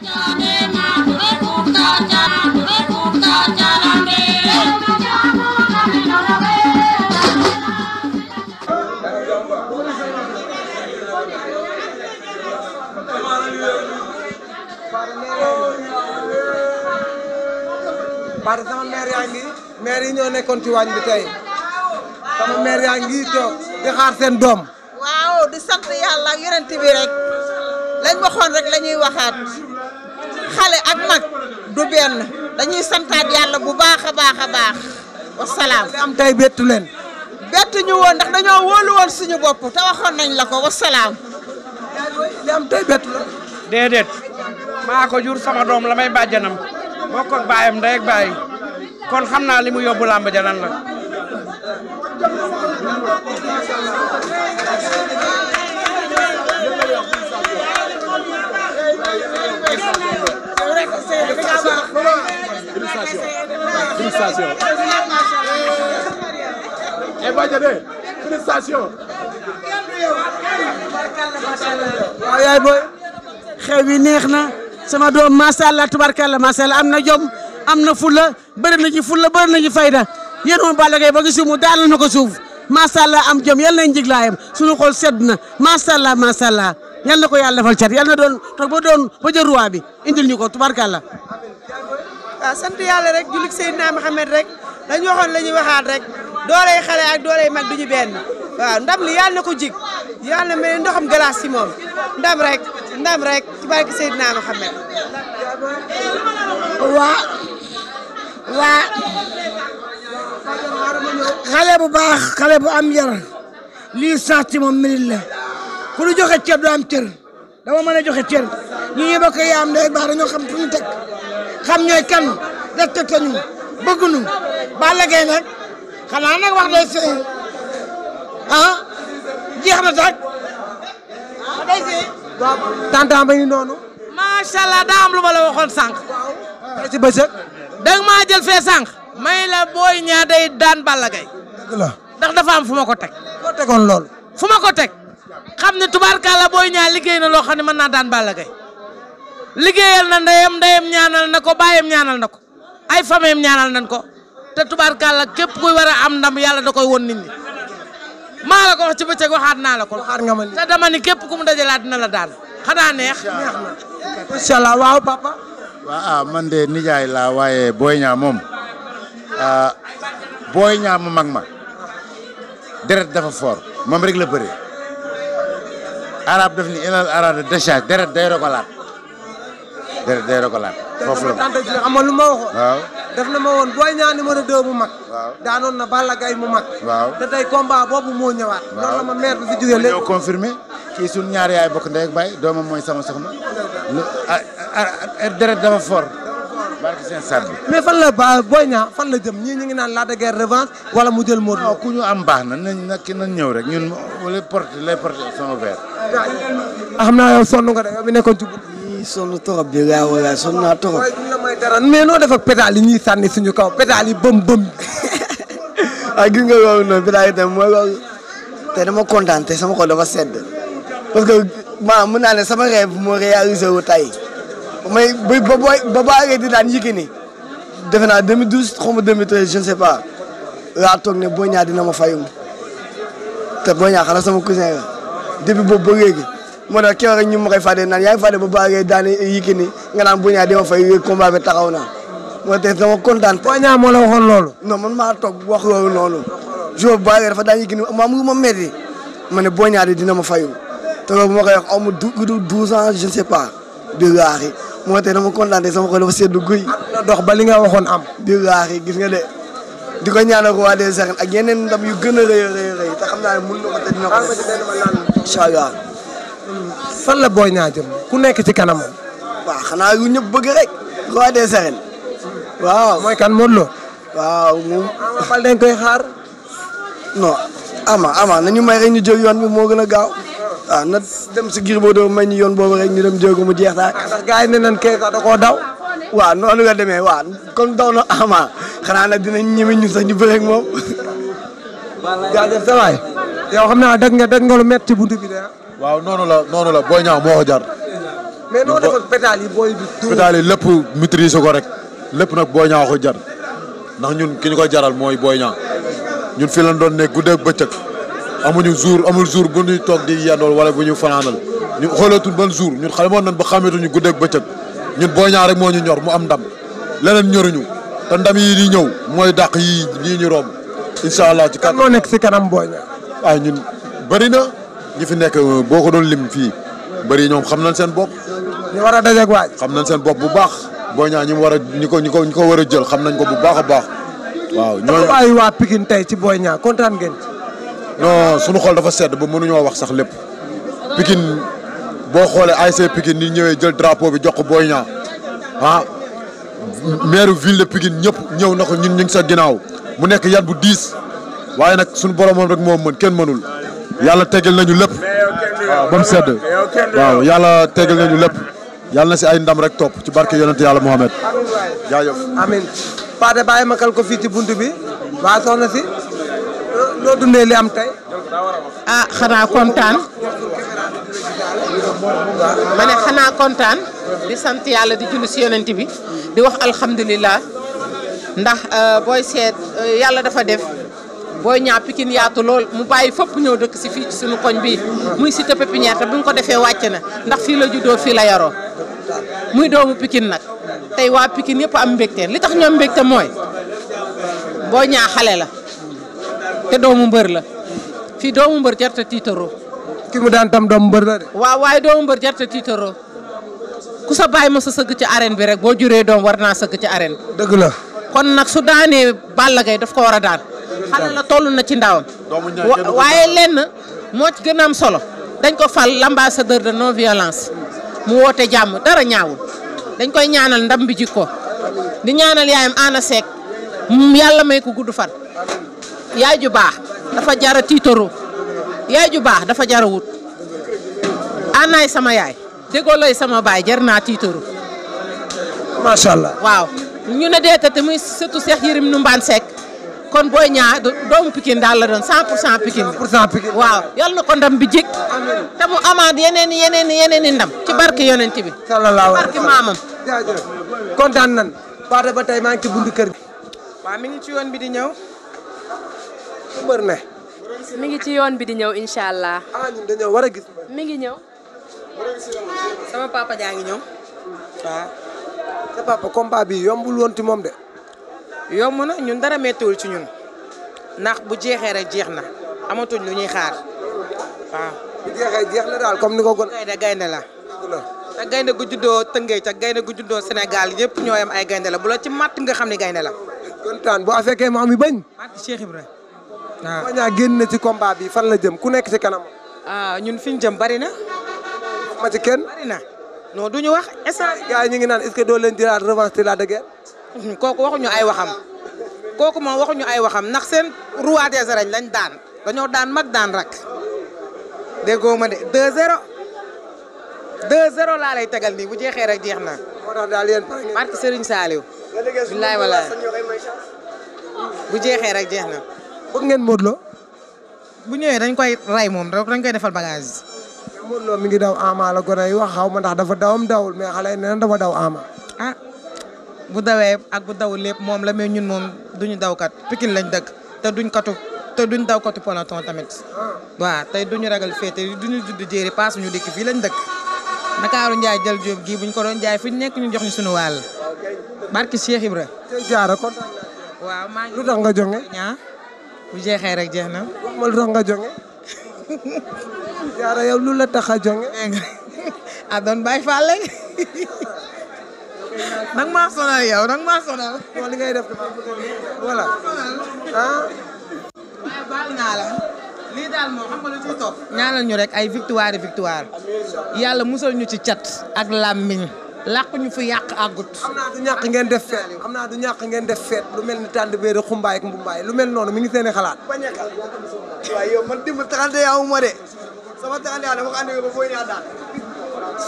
parce e. sama maire yaa ngi ñoo nekkoon ci waañ bi tey sama maire yaa ngi di xaar seen doom waaw di sant yàlla ak yonent bi rek lañ waxoon rek la ñuy xale ak mag du benn dañuy santaat yàlla bu baax a baax a baax wasalaam. am tey bettu leen. bettu ñu woon ndax dañoo wóolu woon suñu bopp te waxoon nañ la ko wasalaam. li am tey bettu la. maa ko jur sama doom la may bàjjanam bokk ak baayam ndey baay kon xam naa li mu yóbbu làmb ja la. félicitations e bajane félicitations waaw yaay booy xew bi neex na sama doom macha allah tubarkalla macha allah am na jom am na fulla bëri na ci fulla bëri na ci fayda yéen moom Balla Gaye ba gisu mu daanal na ko suuf macha allah am jom yal nañ jiglaayam suñu xool sedd na macha allah macha allah yalla ko yalla fal cat yalla don tok bo doon bo jël roi bi indil ñuko ko tubarkalla waaw sant rek julik sayyidna mohamed rek dañ waxon la ñuy waxaat rek doole xalé ak doole mag duñu ben wa ndam li yalla na ko jig yàlla mel ndoxam glace ci mom ndam rek ndam rek ci barke seydina mohamed wa waa xale bu baax xalé bu am yar li sax ci moom milit ku du joxe cër du dama mën a joxe cër ñu ñuy bokk yaa am ndey baa xam fu ñu teg xam ñooy kan respecté ñu bëgg ñu Balla Gaye xanaa nag ah, ba ñu noonu macha allah am lu ma la waxoon sànq si bëccëg danga maa fee sànq may la booy ñaa day daan Balla Gaye ndax dafa am fu ma ko teg foo tegoon loolu fu ma ko teg xamne ne tubaarkàlla booy ñaa liggéey na lo xamne man na daan Balla gay liggeyal na ndeyam ndeyam ñaanal nako. bayam ñaanal nako ay famem ñaanal nan ko te kep kuy wara am ndam yalla da koy won nit ñi ma la ko wax ci bëccëg waxat na la ko. xaar nga ma lii te dama ni kep ku mu dajalat na la daal xana neex. inshallah waaw papa. waa man de nijaay laa waaye booy boy ñaan ah, mu mag deret dafa for mom rek la arab daf ni ilal arada décharge deret day rogalaat deret day rogalaat foofu lu ma waxoon waaw def na ma woon booy ñaa numéro 2 bu mag daanoon na baa Gaye mu mag waaw te tey combat boobu moo ñëwaat loolu la fi jógee léegi kii suñ ñaar yaay bokk ndey ak baay doomam mooy sama soxna deret dafa fort seen saat bi. mais fan la ba Boy Niang fan la jëm ñii ñu ngi naan Lac de Guiers wala mu jël Modou Lo. ku ñu am baax na nañ na ki nañ ñëw rek ñun les portes les portes sont ouvertes. Ah, xam naa yow sonn nga de yow mi nekkoon ci guddi. ñii sonn trop bi waaw waaw sonn naa trop. mais noo def ak pétale yi ñuy kaw pétale bëm bëm. ah gis nga loolu noonu pétale yi tamit mooy loolu. te dama kontaan sama xol dafa sedd. parce que maanaam mën naa sama rêve moo réalisé wu tey. may bu ba booy ba bàyyee di daan Yékini defe naa 2012 xaw ma 2013 je ne sais pas laa toog ne Boy dina ma fayum te Boy Niang xanaa sama cousin la depuis boobu ba léegi moo tax keroog rek ñu ma koy fàtte naan yaa ngi fàtte ba bàyyee daan Yékini nga naan Boy Niang dina ma fay yooyu combat taxaw naa moo tax dama kontaan. Boy Niang moo la waxoon loolu. non man maa toog wax loolu noonu. jour bu bàyyee dafa daan Yékini maam lu ma metti ma ne Boy Niang dina ma fayum te loolu bu ma koy wax aw ma du 12 ans je ne pas. de laaxi moo tax dama kontaan sama xol dafa seddu guy. dox ba li nga waxoon am. di waaxi gis nga de di ko ñaanal ko waa des ak yeneen ndam yu gën a rëy xam naa ne mën na ko dina ko def. incha allah. fan la Boy Niang ku nekk ci kanam. waaw xanaa yu ñëpp bëgg rek. roi des waaw mooy kan Modou Lo. waaw moom. Ama Baldé dañ koy xaar. non ama ama nañu may rek ñu jël yoon bi moo gën a gaaw. waaw ah, na dem si Gris Bordeaux ma ñu yoon boobu rek ñu dem jéego mu jeex daal. ndax gars yi ne nañ kay sax da koo daw. waaw noonu nga demee waaw comme daw na Ama xanaa nag dinañ ñeme ñu sax ñu bëreeg moom. jaajëf yow xam naa dëgg nga dëgg nga lu métti buntu bi de ah. waaw noonu la noonu la booy ñaaw moo ko jar. mais noo yi booy bi. pétale yi lépp ko rek lépp nag booy ñaaw ko jar ndax ñun ki ñu jaral mooy booy ñaaw ñun fi lañ doon ne guddeeg bëccëg. amuñu jour amul jour bu ñuy toog di yendool wala bu ñu fanaanal ñu xoolatul ban jour ñun xale woon ba xàmmeetuñu guddeeg bëccëg ñun booy rek moo ñu ñor mu am ndam leneen ñoruñu te ndam yi di ñëw mooy dàq yi yii ñu romb incha allah ci kan moo nekk si kanam booy ñaar ah ñun bëri na ñi fi nekk euh, boo ko doon lim fii bari ñoom xam nañ seen bopp ñu war a dajeeg waaj xam nañ seen bopp bu baax booy ñaar ñi mu war a ko ñi ko ñi ko war a jël xam nañ ko bu baax a baax waaw ñooñu waayu waa Pikine tey ci booy kontaan ngeen non suñu xol dafa sedd ba mënuñoo wax sax lépp Pikine boo xoolee ASC Pikine ni ñëwee jël drapeau bi jox ko Boy Niang ah maire ville de Pikine ñëpp ñëw na ko ñun ñu sa ginnaaw mu nekk yan bu diis waaye nag suñu borom moom rek moo mën kenn mënul yàlla tegal nañu lépp waaw ah, ba mu sedd waaw yàlla tegal nañu lépp yàlla si ay ndam rek topp ci barke yonent yàlla Mohamed jaajëf amiin Pate bàyyi ma ko fii ci buntu bi waa soxna si loo dundee li am tey. ah xanaa di sant yàlla di julli si bi di wax alhamdulilah ndax euh, booy seet euh, yàlla dafa def booy ñaa Pikine yaatu lool mu bàyyi fëpp ñëw dëkk si fii ci suñu koñ bii muy cité pépinière te bu ñu ko defee wàcc na ndax fii la juddoo fii la yaroo muy doomu Pikine nag tey waa Pikine yëpp am mbégte li tax ñoom mbégte ñaa la. te doomu mbër la fii doomu mbër jarta tiitaroo. ki mu daan tam doomu mbër la de. waaw waaye doomu mbër jarta tiitaroo ku sa bàyyi ma sa sëgg ci arène bi rek boo juree doom war naa sëgg ci arène bi. dëgg la. kon nag su daanee Balla Gaye daf ko war a daan. xale la toll na ci ndawam. waaye lenn moo ci gën a am solo. dañ ko fal l'ambassadeur de non violence. mu woote jàmm dara ñaawul. dañ koy ñaanal ndam bi jikko di ñaanal yaayam Ana Seck Mm, yàlla may ko gudd fan yaay ju baax dafa jara tiitoro yaay ju baax dafa jara wut anaay sama yaay déggoo lay sama baay jar naa tiitoro macha allah waaw ñu ne deetate muy surtout Cheikh Yérim Ndumbane Seck kon booy nya doomu Pikine daal la doon 100 pour cent Pikine waaw yal na ko ndam bi jik te mu amaat yeneen yeneen yeneen ndam ci barke yonent bi ci barke maamam kontaan nan ci mi ngi ci yoon bi di ne mi ngi ci yoon bi di allah ah ñun dañoo gis mi ngi sama papa jaa ñew ñëw ah. sa papa combat bi yombul woon ci moom de yomb na ñun dara mettiwul ci ñun ndax bu jeexee rek jeex amatuñ lu ñuy xaar waaw ah. bu jeexee jeex na comme la gu gu Sénégal ay la bu la ci nga la kontaan bu fekkee maam yi bañ. barke Cheikh Ibrahima waaw. Boña génn na ci combat bi fan la jëm ku nekk ci kanam. ah ñun fi jëm bari na. ma ci kenn bari na. du ñu wax essence. gars ñu ngi naan est-ce que doo leen jëlaat revanche ci la de guerre. kooku waxuñu ay waxam. kooku moom waxuñu ay waxam ndax seen roi des arènes lañ daan dañoo daan mag daan rak déggoo ma de 2-0 laa lay tegal nii bu jeexee rek jeex na. moo tax daal yéen. billaay walaay bu jeexee rek jeex na. bëgg ngeen Modou Lo. bu ñëwee dañ koy ray moom dañ koy defal bagage. Modou Lo mi ngi daw Ama la gone yi wax xaw ma ndax dafa dawam dawul mais xale yi nee dafa daw Ama. ah bu dawee ak bu dawul lépp moom la mais ñun moom duñu dawkat Pikine lañ dëkk te duñ katu te duñ dawkatu peloton tamit. Ah. waaw tey duñu ragal féete duñu judd jéeri paas ñu dikk fii lañ dëkk. Ndakaaru Njaay jël Jóob gi buñ ko doon jaay fi nekk ñu jox ñu suñu wal barki Cheikh Ibra jaara kon waaw ma ngi lu nga jonge ñaa bu jexé rek jexna mo lutax lu nga jonge jaara yow lu la tax a jonge a doon bàyyi faale nang ma sonal yow nag maa sonal li ngay def ah? wala ha baal naa la lii daal moom xam nga lu ciy topp. ñaanal ñu rek ay victoire victoire yàlla musal ñu ci cat ak làmmiñ làq ñu fu yàq àggut. xam naa du ñàkk ngeen def feet xam naa du ñàkk ngeen def feet lu mel ni tànd beere xumbaay ak mbumbaay lu mel noonu mi ngi seen i xalaat. bañ a xalaat waaye yow man dimb taxante yaa ma de sama taxante yaa dama ko andi ba booy naa daal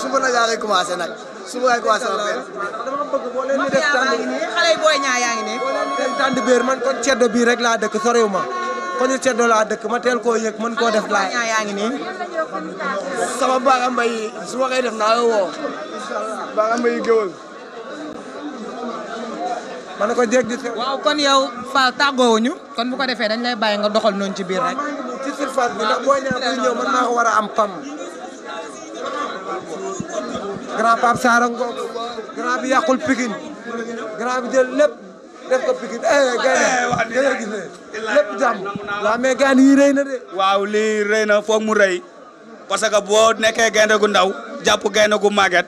suba nag yaa ngi commencé nag. suba yaa ngi commencé nag dama bëgg boo leen di def tànd. xale yi booy ñaa yaa ngi ne. boo leen di def tànd beer man kon ceddo bii rek laa dëkk soriw ma ko ñu ceddo laa ma teel koo koo def laa yaa ngi nii sama baaga su ma koy def la woo baaga ko jéeg di waaw kon yow Fall tàggoowuñu kon bu ko defee dañ lay bàyyi nga doxal noonu ci biir ci surface bi ndax booy mën naa ko war a am pam grand Pape Sarr Ngom grand bi yàqul Pikine grand bi jël lépp def ko Pikine eh, eh gànnaar eh, gànnaar gis nga lépp waaw mais gànnaar yi na de. mu rëy parce que boo nekkee gaynde gu ndaw jàpp gaynde gu màgget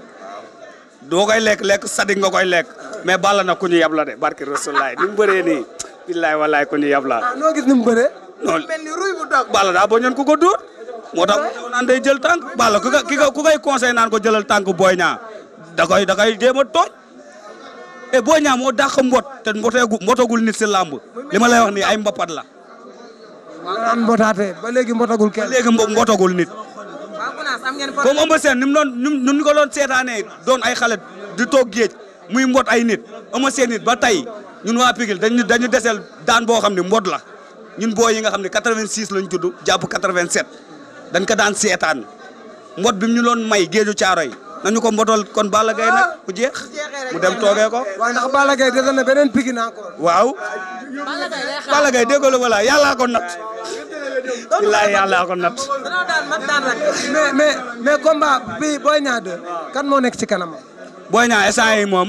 doo koy lekk lekk sadik nga koy lekk mais balla na ku ñu yab la de barki rasulaay ni mu bëree nii billaay wallaay ku ñu yab ah, ku ko moo ta mu naan day jël tànk balla ku koy ku koy ko jëlal tànk booy ñaa da koy da e eh, bo Niang mo dakh mbot te mbotegu mbotagul nit ci lamb lima lay wax ni ay mbapat la. man mbotaate ba léegi mbotagul kenn. ba léegi mbotagul nit. comme Eumeu Sène ni mu doon ni ko don seetaanee doon ay xalé di tok geej muy mbot ay nit Eumeu sen nit ba tay ñun waa Pikine dañu dañu déssel daan bo xamni mbot la ñun boy yi nga xamni 86 lañ tuddu japp 87 dañ ko daan seetaan mbot bi ñu don may geejju caaro nañu ko mbotol kon Balla Gaye nag ku mu dem toogee ko. waaw ndax Balla Gaye desal na beneen pigi naa ko. waaw. Balla Gaye déggoo la wala yàllaa ko natt. bilaay yàllaa ko natt. mais mais kan moo nekk ci kanam. Boy Niang instant yi moom.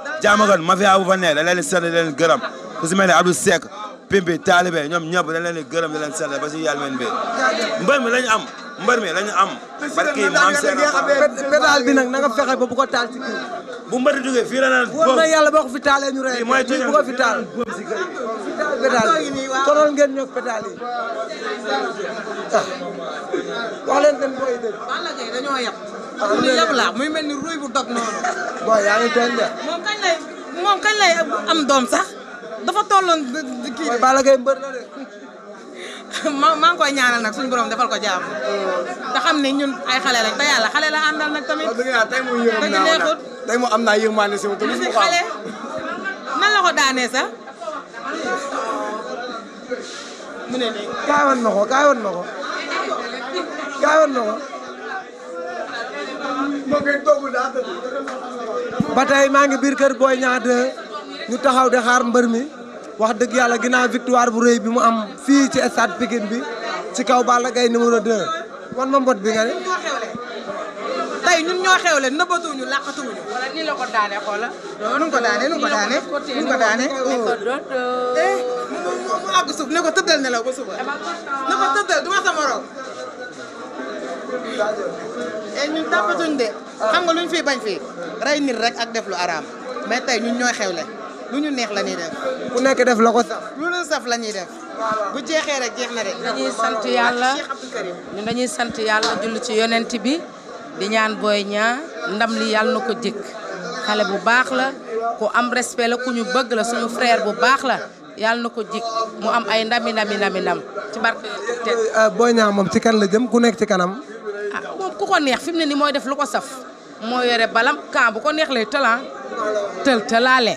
jaamagan mafia bu fa ne da leen di sant da leen di ku si mel ne Abdou Seck Pimpi Taalibé ñoom ñëpp da leen di gërëm da leen ba si yàlla meen bi mbër lañu am mbër mi lañu am barki maam seen pédale bi nag na nga fexe ba bu ko taal ci kii bu mbër di fii yàlla boo fi taalee ñu rey mooy fi taal si kër fi taal pédale bi yi ah. lu yab laa muy mel ni ruy bu dog noonu. bon yaa ngi tooñ de. moom kañ lay moom kañ lay am doom sax dafa tolloon kii. mooy Balla Gaye mbër la de. maa ñaanal nag suñu borom defal ko jàmm. te xam ñun ay xale lañ te yàlla xale la tamit. tey mu yërëm naa woon tey mu si te si xale nan la ko sax. mu ne nii. kaayoon na ko batay ma ngi bir keur Boy Niang 2 ñu taxaw de xaar mbeur mi wax deug yalla gina victoire bu reuy bi mu am fi ci stade Pikine bi ci kaw Balla gay numéro 2 won ma mbot bi nga ne. tay ñun ñoo xewle laqatu ñu wala ni la ko daane xola non nu ko daane ñu ko daane ñu ko daane. Oh. Euh. eh mu ag suuf ne ko ne la ko suuf ne ko tëddal duma sa moro et eh, ñun tàppatuñ de xam nga luñ fi bañ fii rey nit rek ak def lu araam mais tey ñun ñooy xewle lu ñu neex la ñuy def. ku nekk def la ko saf. lu ñu saf la ñuy def. bu jeexee rek jeex na de. yàlla ñun dañuy sant yàlla julli ci yonent bi di ñaan booy ñaa ndam li yàlla na ko jëkk xale bu baax la ku am respect la ku ñu bëgg la suñu freer bu baax la. yàlla na ko jikk mu am ay ndami ndami ndami ndam ci barke. booy eh, ñaa moom ci kan la jëm ku nekk ci kanam. ku ko neex fi ne ni mooy def lu ko saf moo yore bala kan bu ko neex lay tëlan tël tëlaale.